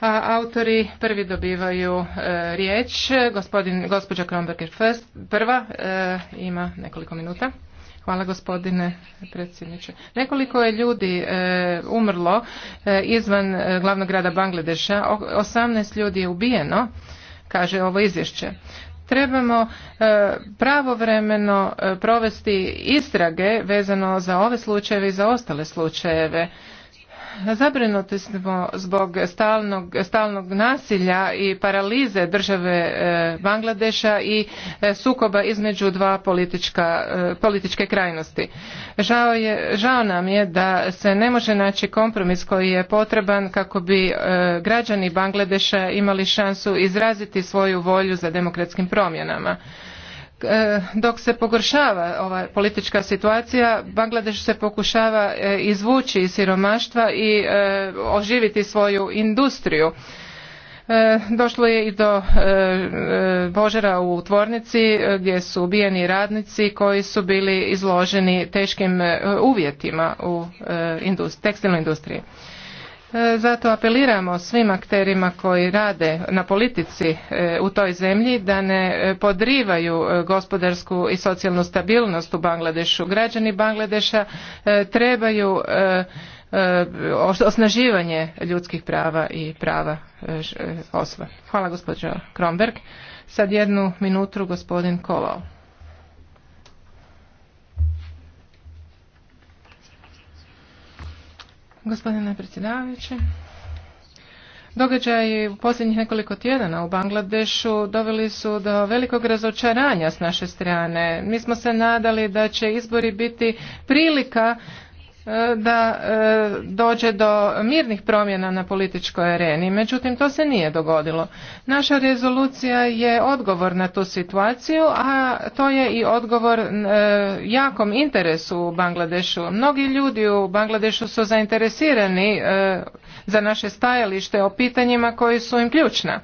a autori prvi dobivaju e, riječ. Gospodin, gospođa Kronberger prva e, ima nekoliko minuta. Hvala gospodine predsjedniče. Nekoliko je ljudi e, umrlo izvan glavnog grada Bangladeša. O, 18 ljudi je ubijeno, kaže ovo izvješće trebamo pravovremeno provesti istrage vezano za ove slučajeve i za ostale slučajeve zabrinuti smo zbog stalnog, nasilja i paralize države e, Bangladeša i e, sukoba između dva e, političke krajnosti. je, žao nam je da se ne može naći kompromis koji je potreban kako bi građani Bangladeša imali šansu izraziti svoju volju za demokratskim promjenama. E, dok se pogoršava ova politička situacija, Bangladeš se pokušava e, izvući iz siromaštva i e, oživiti svoju industriju. Došlo je i do požara u tvornici gdje su ubijeni radnici koji su bili izloženi teškim uvjetima u tekstilnoj industriji. E, zato apeliramo svim akterima koji rade na politici e, u toj zemlji da ne e, podrivaju gospodarsku i socijalnu stabilnost u Bangladešu. Građani Bangladeša trebaju osnaživanje ljudskih prava i prava osoba. Hvala gospođo Kromberg. Sad jednu minutu gospodin Koval. Gospodine predsjedavajući, Događaji u posljednjih nekoliko tjedana u Bangladešu doveli su do velikog razočaranja s naše strane. Mi smo se nadali da će izbori biti prilika da e, dođe do mirnih promjena na političkoj areni. Međutim, to se nije dogodilo. Naša rezolucija je odgovor na tu situaciju, a to je i odgovor e, jakom interesu u Bangladešu. Mnogi ljudi u Bangladešu su zainteresirani e, za naše stajalište o pitanjima koji su im ključna.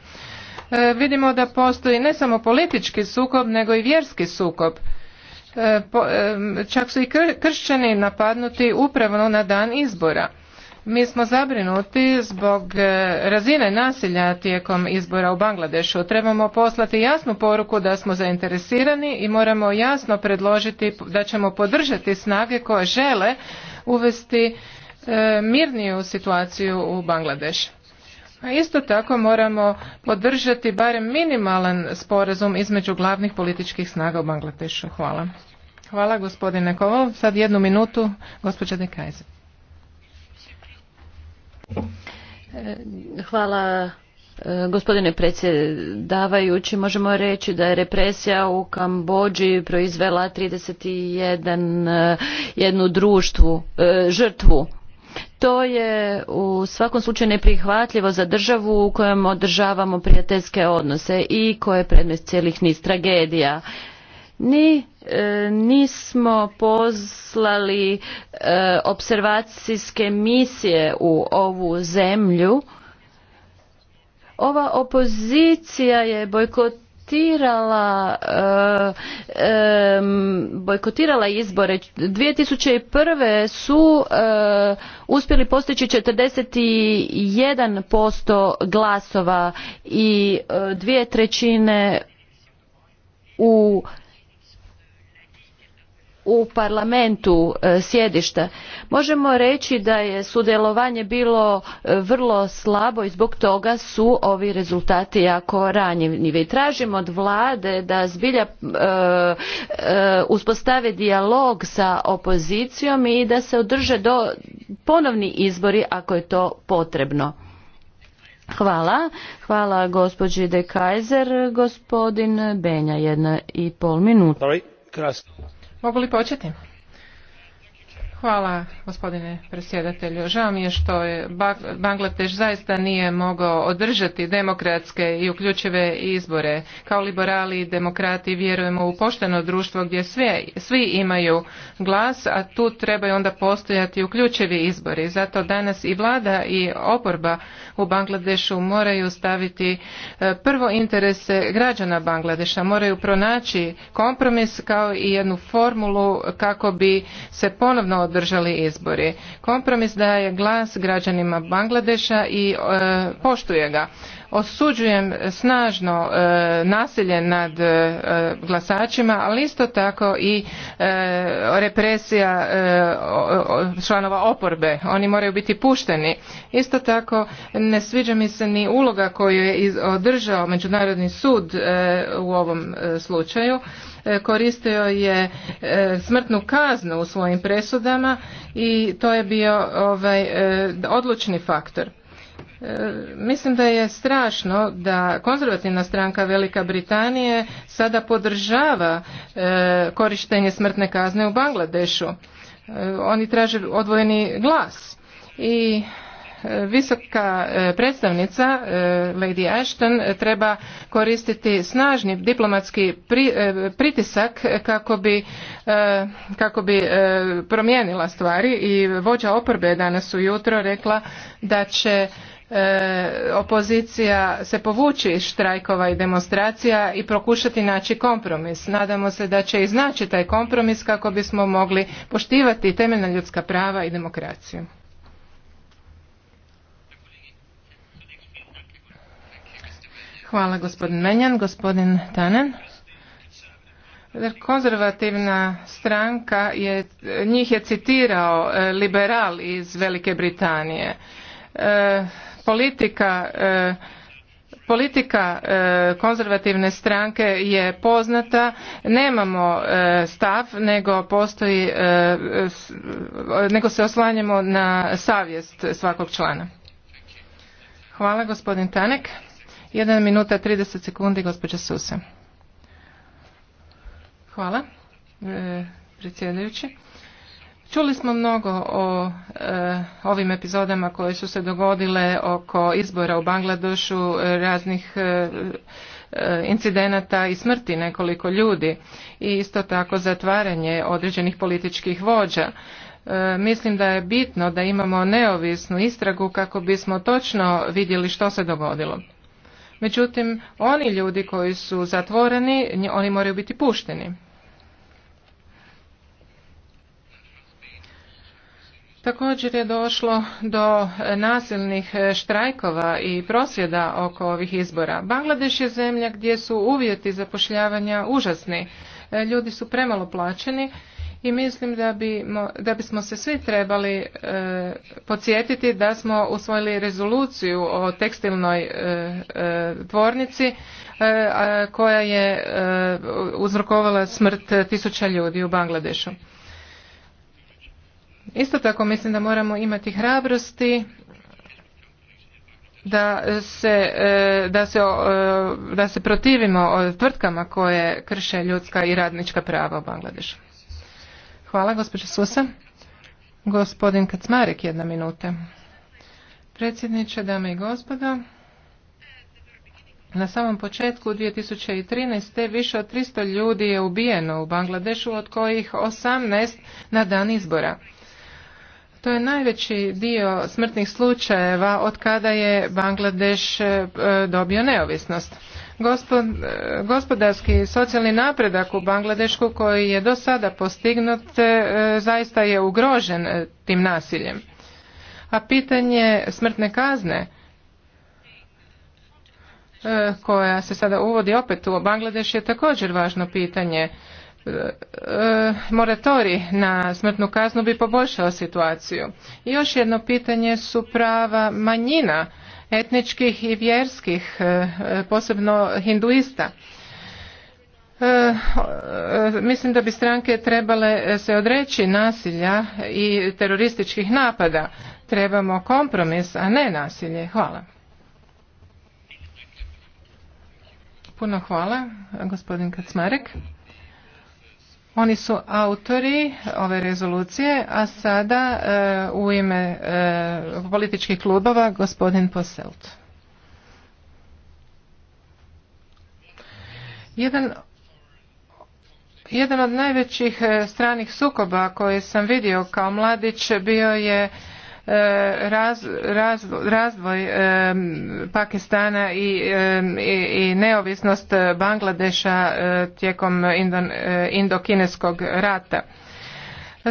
Vidimo da postoji ne samo politički sukob, nego i vjerski sukob E, e, čak su i kršćani napadnuti upravo na dan izbora. Mi smo zabrinuti zbog e, razine nasilja tijekom izbora u Bangladešu. Trebamo poslati jasnu poruku da smo zainteresirani i moramo jasno predložiti da ćemo podržati snage koje žele uvesti mirniju situaciju u Bangladešu. A isto tako moramo podržati barem minimalan sporazum između glavnih političkih snaga u Bangladešu. Hvala. Hvala gospodine Kovol. Sad jednu minutu, gospođa Dekajze. Hvala e, Gospodine predsjedavajući, možemo reći da je represija u Kambođi proizvela 31 e, jednu društvu, e, žrtvu to je u svakom slučaju neprihvatljivo za državu u kojem održavamo prijateljske odnose i koje je predmet cijelih niz tragedija. Ni e, nismo poslali e, observacijske misije u ovu zemlju. Ova opozicija je bojkot bojkotirala e, um, bojkotirala izbore 2001. su uh, uspjeli postići 41% glasova i eh, dvije trećine u u parlamentu e, sjedišta možemo reći da je sudjelovanje bilo e, vrlo slabo i zbog toga su ovi rezultati jako ranjivi tražimo od vlade da zbilja e, uspostavi dijalog sa opozicijom i da se održe do ponovni izbori ako je to potrebno Hvala. Hvala gospođi De Kaiser. Gospodin Benja, jedna i pol minuta. Mogu li početi? Hvala gospodine predsjedatelju. Žao mi je što je Bangladeš zaista nije mogao održati demokratske i uključive izbore. Kao liberali i demokrati vjerujemo u pošteno društvo gdje svi imaju glas, a tu trebaju onda postojati uključivi izbori. Zato danas i vlada i oporba u Bangladešu moraju staviti e, prvo interese građana Bangladeša, moraju pronaći kompromis kao i jednu formulu kako bi se ponovno održali izbori. Kompromis daje glas građanima Bangladeša i e, poštuje ga osuđujem snažno e, nasilje nad e, glasačima, ali isto tako i e, represija članova oporbe. Oni moraju biti pušteni. Isto tako ne sviđa mi se ni uloga koju je održao Međunarodni sud u ovom slučaju. Koristio je smrtnu kaznu u svojim presudama i to je bio ovaj odlučni faktor. Mislim da je strašno da konzervativna stranka Velika Britanije sada podržava e, korištenje smrtne kazne u Bangladešu. E, oni traže odvojeni glas i e, visoka predstavnica Lady Ashton treba koristiti snažni diplomatski pritisak kako bi, kako bi promijenila stvari i vođa oporbe je danas ujutro rekla da će E, opozicija se povući iz štrajkova i demonstracija i prokušati naći kompromis. Nadamo se da će iznaći taj kompromis kako bismo mogli poštivati temeljna ljudska prava i demokraciju. Hvala gospodin Menjan, gospodin Tanen. Konzervativna stranka je, njih je citirao e, liberal iz Velike Britanije. E, politika e, politika e, konzervativne stranke je poznata nemamo e, stav nego postoji nego se oslanjamo na savjest svakog člana hvala gospodin Tanek 1 minuta 30 sekundi gospođa Susa hvala predsjedajući Čuli smo mnogo o e, ovim epizodama koje su se dogodile oko izbora u Bangladešu, e, raznih e, e, incidenata i smrti nekoliko ljudi i isto tako zatvaranje određenih političkih vođa. mislim da je bitno da imamo neovisnu istragu kako bismo točno vidjeli što se dogodilo. Međutim, oni ljudi koji su zatvoreni, oni moraju biti pušteni. Također je došlo do nasilnih štrajkova i prosvjeda oko ovih izbora. Bangladeš je zemlja gdje su uvjeti zapošljavanja užasni. Ljudi su premalo plaćeni i mislim da, bi, da bismo se svi trebali e, podsjetiti da smo usvojili rezoluciju o tekstilnoj e, e, tvornici koja je uzrokovala smrt tisuća ljudi u Bangladešu. Isto tako mislim da moramo imati hrabrosti da se, e, da se, e, da se protivimo tvrtkama koje krše ljudska i radnička prava u Bangladešu. Hvala, gospođo Susa. Gospodin Kacmarek, jedna minuta. Predsjedniče, dame i gospodo, na samom početku 2013. više od 300 ljudi je ubijeno u Bangladešu, od kojih 18 na dan izbora. To je najveći dio smrtnih slučajeva od kada je Bangladeš e, dobio neovisnost. E, gospodarski socijalni napredak u Bangladešku koji je do sada postignut e, zaista je ugrožen tim nasiljem. A pitanje smrtne kazne koja se sada uvodi opet u Bangladeš je također važno pitanje E, e, moratorij na smrtnu kaznu bi poboljšao situaciju. I još jedno pitanje su prava manjina, etničkih i vjerskih, e, posebno hinduista. Mislim da bi stranke trebale se odreći nasilja i terorističkih napada. Trebamo kompromis, a ne nasilje. Hvala. Puno hvala, gospodin Kacmarek. Oni su autori ove rezolucije, a sada e, u ime e, političkih klubova gospodin Poselt. Jedan jedan od najvećih e, stranih sukoba koje sam vidio kao mladić bio je E, raz, razvoj e, Pakistana e, i, neovisnost Bangladeša tijekom Indokineskog rata.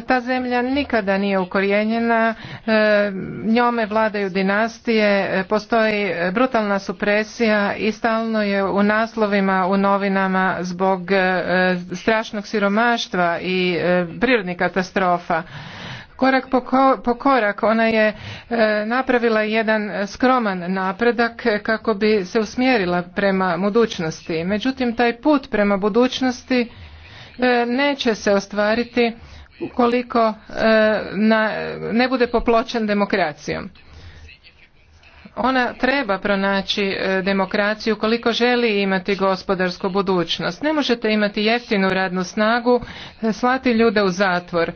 Ta zemlja nikada nije ukorijenjena, njome vladaju dinastije, postoji brutalna supresija i stalno je u naslovima, u novinama zbog strašnog siromaštva i prirodnih katastrofa korak po, korak ona je e, napravila jedan skroman napredak kako bi se usmjerila prema budućnosti međutim taj put prema budućnosti e, neće se ostvariti ukoliko e, ne bude popločen demokracijom ona treba pronaći demokraciju koliko želi imati gospodarsku budućnost. Ne možete imati jeftinu radnu snagu, slati ljude u zatvor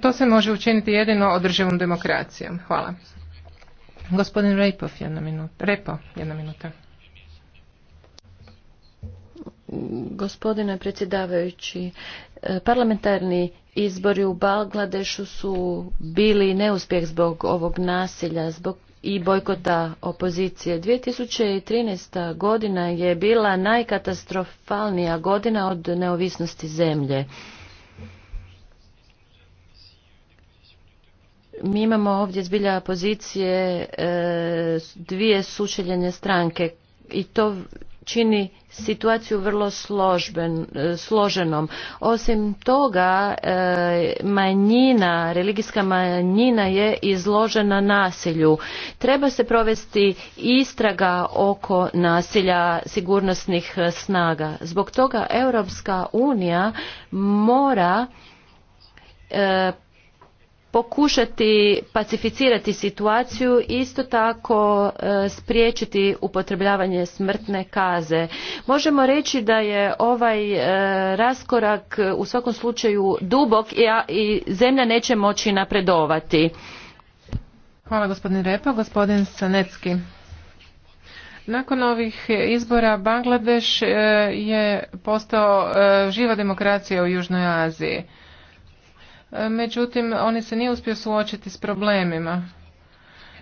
to se može učiniti jedino održivom demokracijom. Hvala. Gospodin Repo, jedna minuta. Gospodine predsjedavajući, e, parlamentarni izbori u Balgladešu su bili neuspjeh zbog ovog nasilja, zbog i bojkota opozicije. 2013. godina je bila najkatastrofalnija godina od neovisnosti zemlje. mi imamo ovdje zbilja pozicije e, dvije sučeljene stranke i to čini situaciju vrlo e, složenom. Osim toga, e, manjina, religijska manjina je izložena nasilju. Treba se provesti istraga oko nasilja sigurnosnih snaga. Zbog toga Europska unija mora pokušati pacificirati situaciju isto tako e, spriječiti upotrebljavanje smrtne kaze. Možemo reći da je ovaj e, raskorak u svakom slučaju dubok i zemlja neće moći napredovati. Hvala gospodin Repa, gospodin Sanecki. Nakon ovih izbora Bangladeš e, je postao živa demokracija u Južnoj Aziji međutim oni se nije uspio suočiti s problemima.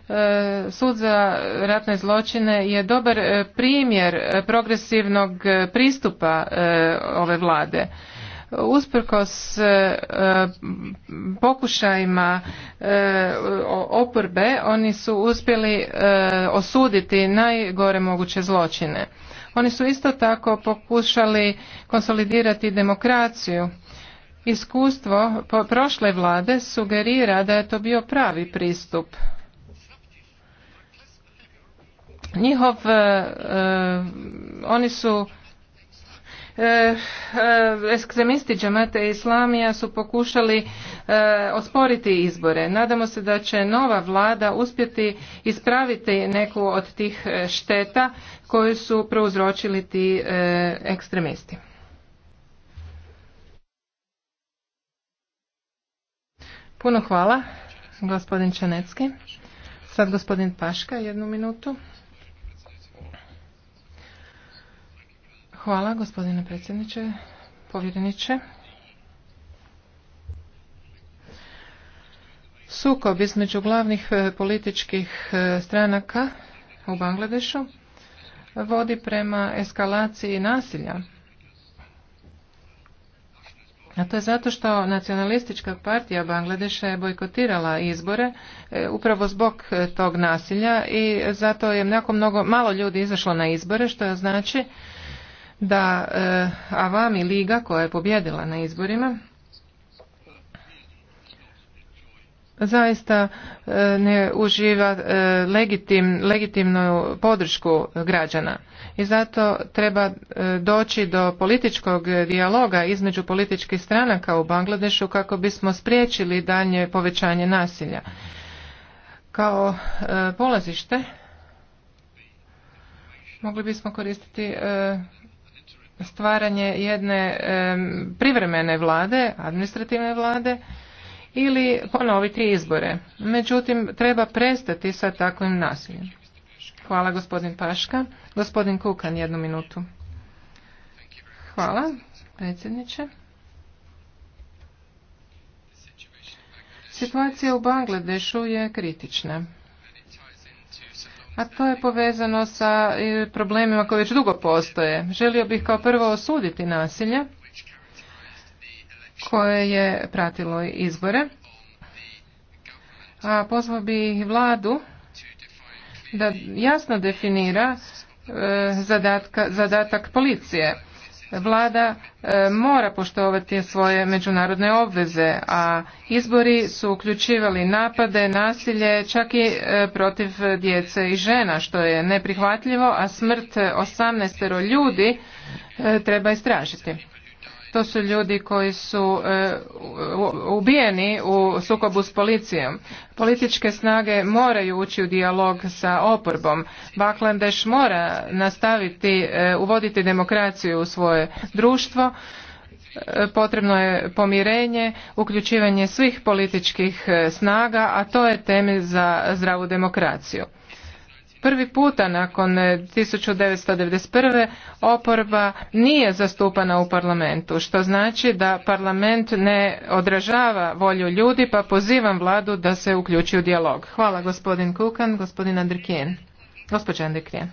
E, sud za ratne zločine je dobar e, primjer e, progresivnog pristupa ove vlade. Usprkos pokušajima oporbe oni su uspjeli osuditi najgore moguće zločine. Oni su isto tako pokušali konsolidirati demokraciju Iskustvo prošle vlade sugerira da je to bio pravi pristup. Njihov, e, e, oni su uh, ekstremisti džamate islamija su pokušali osporiti izbore. Nadamo se da će nova vlada uspjeti ispraviti neku od tih šteta koju su prouzročili ti ekstremisti. Puno hvala, gospodin Čanecki. Sad gospodin Paška, jednu minutu. Hvala, gospodine predsjedniče, povjereniče. Sukob između glavnih e, političkih e, stranaka u Bangladešu vodi prema eskalaciji nasilja a to je zato što nacionalistička partija Bangladeša je bojkotirala izbore e, upravo zbog e, tog nasilja i zato je jako mnogo, malo ljudi izašlo na izbore što znači da e, Avami Liga koja je pobjedila na izborima zaista e, ne uživa e, legitim, legitimnu podršku građana i zato treba e, doći do političkog dijaloga između političkih stranaka u Bangladešu kako bismo spriječili danje povećanje nasilja. Kao polazište mogli bismo koristiti stvaranje jedne privremene vlade, administrativne vlade ili ponoviti izbore. Međutim, treba prestati sa takvim nasiljem. Hvala gospodin Paška. Gospodin Kukan, jednu minutu. Hvala, predsjedniče. Situacija u Bangladešu je kritična. A to je povezano sa eh, problemima koje već dugo postoje. Želio bih kao prvo osuditi nasilje koje je pratilo izbore. A pozvao bi vladu da jasno definira e, zadatak policije. Vlada e, mora poštovati svoje međunarodne obveze, a izbori su uključivali napade, nasilje, čak i e, protiv djece i žena, što je neprihvatljivo, a smrt 18 ljudi treba istražiti. To su ljudi koji su e, ubijeni u sukobu s policijom. Političke snage moraju ući u dijalog sa oporbom. Baklandeš mora nastaviti e, uvoditi demokraciju u svoje društvo. E, potrebno je pomirenje, uključivanje svih političkih snaga, a to je temelj za zdravu demokraciju prvi puta nakon 1991. E, oporba nije zastupana u parlamentu, što znači da parlament ne odražava volju ljudi, pa pozivam vladu da se uključi u dijalog. Hvala gospodin Kukan, gospodin Andrikijen. Gospođa Andrikijen.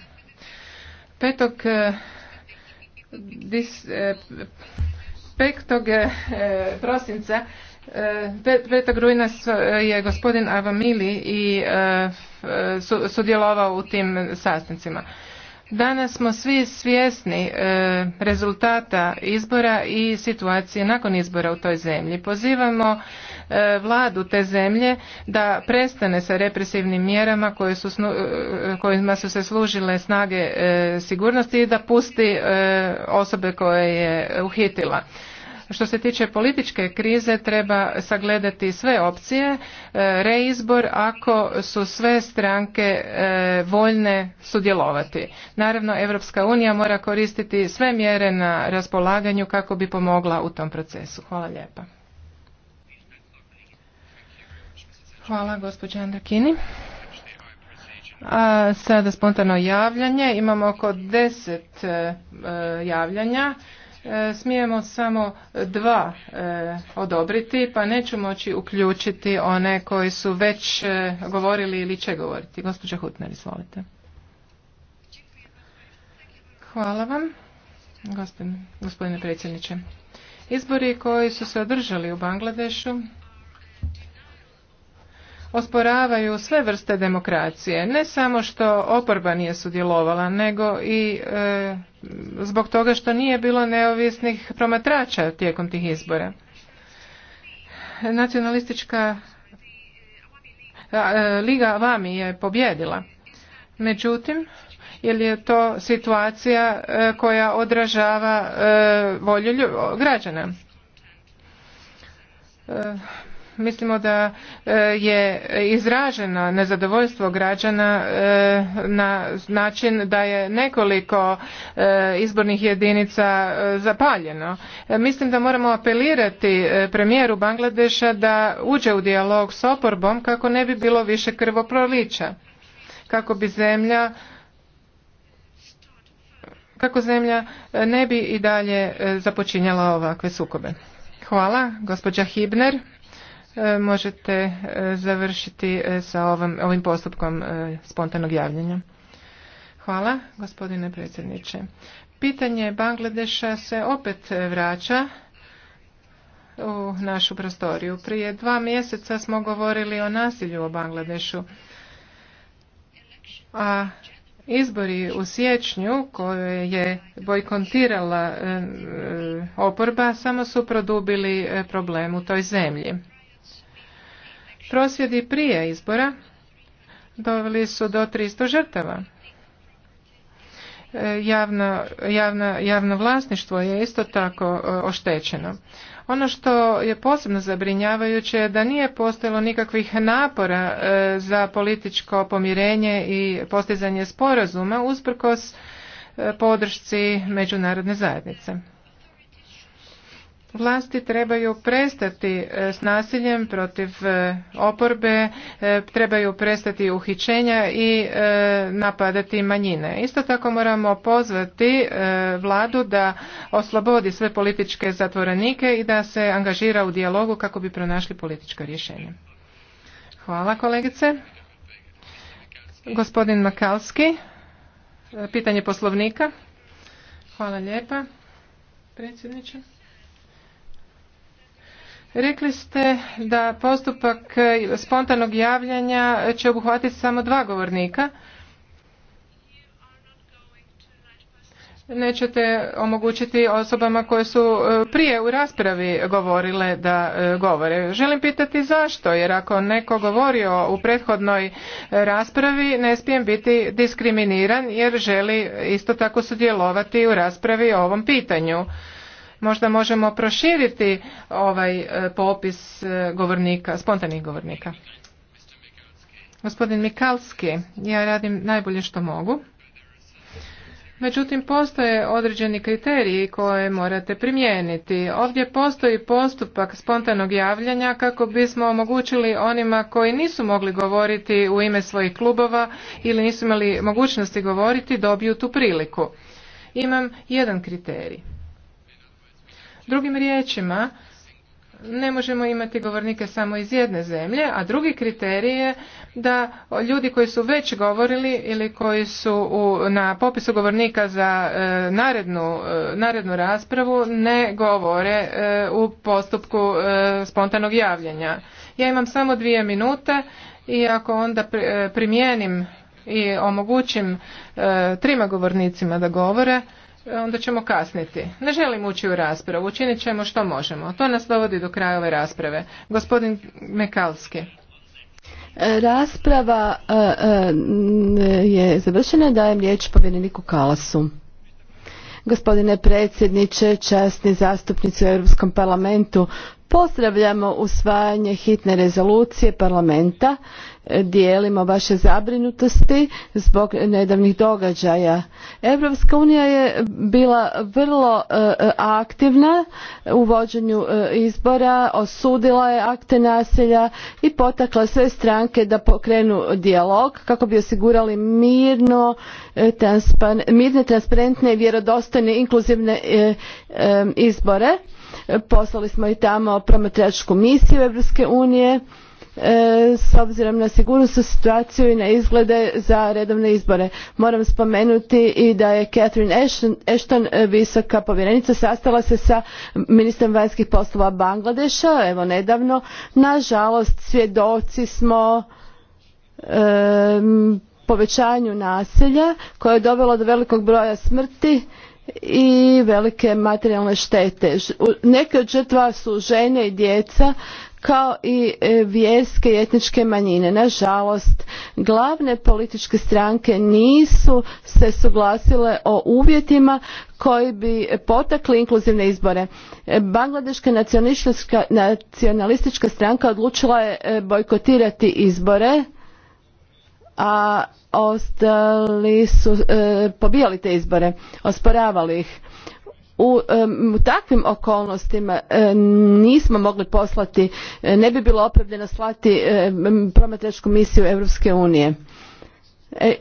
Petog... E, dis, e, prosinca 5. E, rujna e, je gospodin Avamili i e, sudjelovao u tim sastancima. Danas smo svi svjesni rezultata izbora i situacije nakon izbora u toj zemlji. Pozivamo vladu te zemlje da prestane sa represivnim mjerama kojima su se služile snage sigurnosti i da pusti osobe koje je uhitila. Što se tiče političke krize treba sagledati sve opcije, e, reizbor ako su sve stranke e, voljne sudjelovati. Naravno, Europska unija mora koristiti sve mjere na raspolaganju kako bi pomogla u tom procesu. Hvala lijepa. Hvala, gospođa Andrakini. A sada spontano javljanje. Imamo oko deset e, javljanja. E, smijemo samo dva e, odobriti, pa neću moći uključiti one koji su već e, govorili ili će govoriti. Gospođa Hutner, izvolite. Hvala vam, gospodine predsjedniče. Izbori koji su se održali u Bangladešu osporavaju sve vrste demokracije. Ne samo što oporba nije sudjelovala, nego i e, zbog toga što nije bilo neovisnih promatrača tijekom tih izbora. Nacionalistička e, Liga Vami je pobjedila. Međutim, jer je to situacija e, koja odražava volju građana mislimo da e, je izraženo nezadovoljstvo građana e, na način da je nekoliko e, izbornih jedinica zapaljeno. Mislim da moramo apelirati premijeru Bangladeša da uđe u dijalog s oporbom kako ne bi bilo više krvoprolića, kako bi zemlja kako zemlja ne bi i dalje započinjala ovakve sukobe. Hvala, gospođa Hibner. E, možete e, završiti e, sa ovim, postupkom spontanog javljanja. Hvala, gospodine predsjedniče. Pitanje Bangladeša se opet vraća u našu prostoriju. Prije dva mjeseca smo govorili o nasilju u Bangladešu, a izbori u siječnju koje je bojkontirala oporba samo su produbili problem u toj zemlji. Prosvjedi prije izbora doveli su do 300 žrtava. E, javno, javno, vlasništvo je isto tako e, oštećeno. Ono što je posebno zabrinjavajuće je da nije postojalo nikakvih napora e, za političko pomirenje i postizanje sporazuma usprkos podršci međunarodne zajednice. Vlasti trebaju prestati e, s nasiljem protiv e, oporbe, e, trebaju prestati uhićenja i napadati manjine. Isto tako moramo pozvati vladu da oslobodi sve političke zatvorenike i da se angažira u dijalogu kako bi pronašli političko rješenje. Hvala kolegice. Gospodin Makalski, pitanje poslovnika. Hvala lijepa, predsjedniče. Rekli ste da postupak spontanog javljanja će obuhvatiti samo dva govornika. Nećete omogućiti osobama koje su e, prije u raspravi govorile da e, govore. Želim pitati zašto, jer ako neko govorio u prethodnoj raspravi, ne smijem biti diskriminiran jer želi isto tako sudjelovati u raspravi o ovom pitanju. Možda možemo proširiti ovaj e, popis e, govornika, spontanih govornika. Gospodin Mikalski, ja radim najbolje što mogu. Međutim, postoje određeni kriteriji koje morate primijeniti. Ovdje postoji postupak spontanog javljanja kako bismo omogućili onima koji nisu mogli govoriti u ime svojih klubova ili nisu imali mogućnosti govoriti, dobiju tu priliku. Imam jedan kriterij. Drugim riječima, ne možemo imati govornike samo iz jedne zemlje, a drugi kriterij je da ljudi koji su već govorili ili koji su na popisu govornika za e, narednu, e, narednu raspravu ne govore e, u postupku spontanog javljanja. Ja imam samo dvije minute i ako onda primijenim i omogućim trima govornicima da govore, onda ćemo kasniti. Ne želim ući u raspravu, učinit ćemo što možemo. To nas dovodi do kraja ove rasprave. Gospodin Mekalski. E, rasprava e, e, je završena, dajem riječ povjereniku Kalasu. Gospodine predsjedniče, časni zastupnici u Europskom parlamentu, Pozdravljamo usvajanje hitne rezolucije parlamenta, dijelimo vaše zabrinutosti zbog nedavnih događaja. Europska unija je bila vrlo e, aktivna u vođenju e, izbora, osudila je akte nasilja i potakla sve stranke da pokrenu dijalog kako bi osigurali mirno, e, mirne, transparentne i vjerodostojne inkluzivne izbore poslali smo i tamo promatračku misiju europske unije e, s obzirom na sigurnosnu situaciju i na izglede za redovne izbore. Moram spomenuti i da je Catherine Ashton, e, visoka povjerenica, sastala se sa ministrom vanjskih poslova Bangladeša, evo nedavno. Nažalost, svjedoci smo povećanju naselja koje je dovelo do velikog broja smrti i velike materijalne štete. Neke od žrtva su žene i djeca kao i e, vjerske i etničke manjine. Nažalost, glavne političke stranke nisu se suglasile o uvjetima koji bi potakli inkluzivne izbore. E, Bangladeška nacionalistička stranka odlučila je e, bojkotirati izbore a ostali su e, pobijali te izbore, osporavali ih. U, e, takvim okolnostima e, nismo mogli poslati, ne bi bilo opravljeno slati promatračku misiju Europske unije.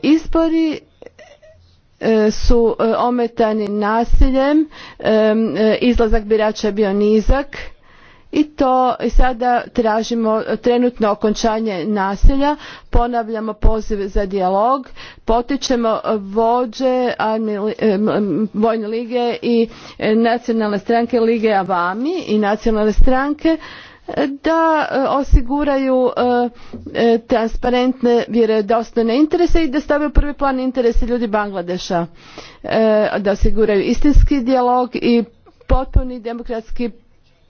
Izbori su ometani nasiljem, izlazak birača je bio nizak, i to sada tražimo trenutno okončanje nasilja ponavljamo poziv za dijalog potičemo vođe vojne lige i nacionalne stranke lige avami i nacionalne stranke da e, osiguraju e, e, transparentne vjerodostojne interese i da stave u prvi plan interese ljudi Bangladeša da osiguraju istinski dijalog i potpuni demokratski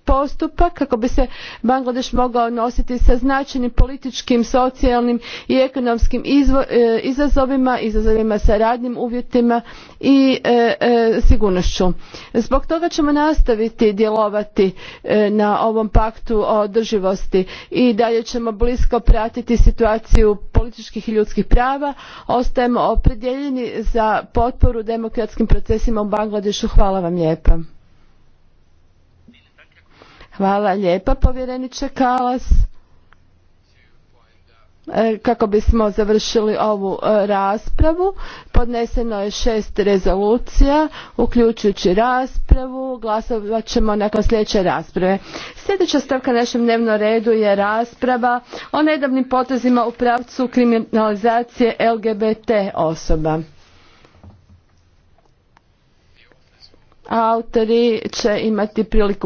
postupak kako bi se bangladeš mogao nositi sa značajnim političkim socijalnim i ekonomskim e, izazovima izazovima sa radnim uvjetima i e, e, sigurnošću. zbog toga ćemo nastaviti djelovati na ovom paktu o održivosti i dalje ćemo blisko pratiti situaciju političkih i ljudskih prava ostajemo opredjeljeni za potporu demokratskim procesima u bangladešu. hvala vam lijepa. Hvala lijepa povjereniče Kalas e, kako bismo završili ovu e, raspravu podneseno je šest rezolucija uključujući raspravu glasovat ćemo nakon sljedeće rasprave sljedeća stavka na našem dnevnom redu je rasprava o nedavnim potezima u pravcu kriminalizacije lgbt osoba autori će imati priliku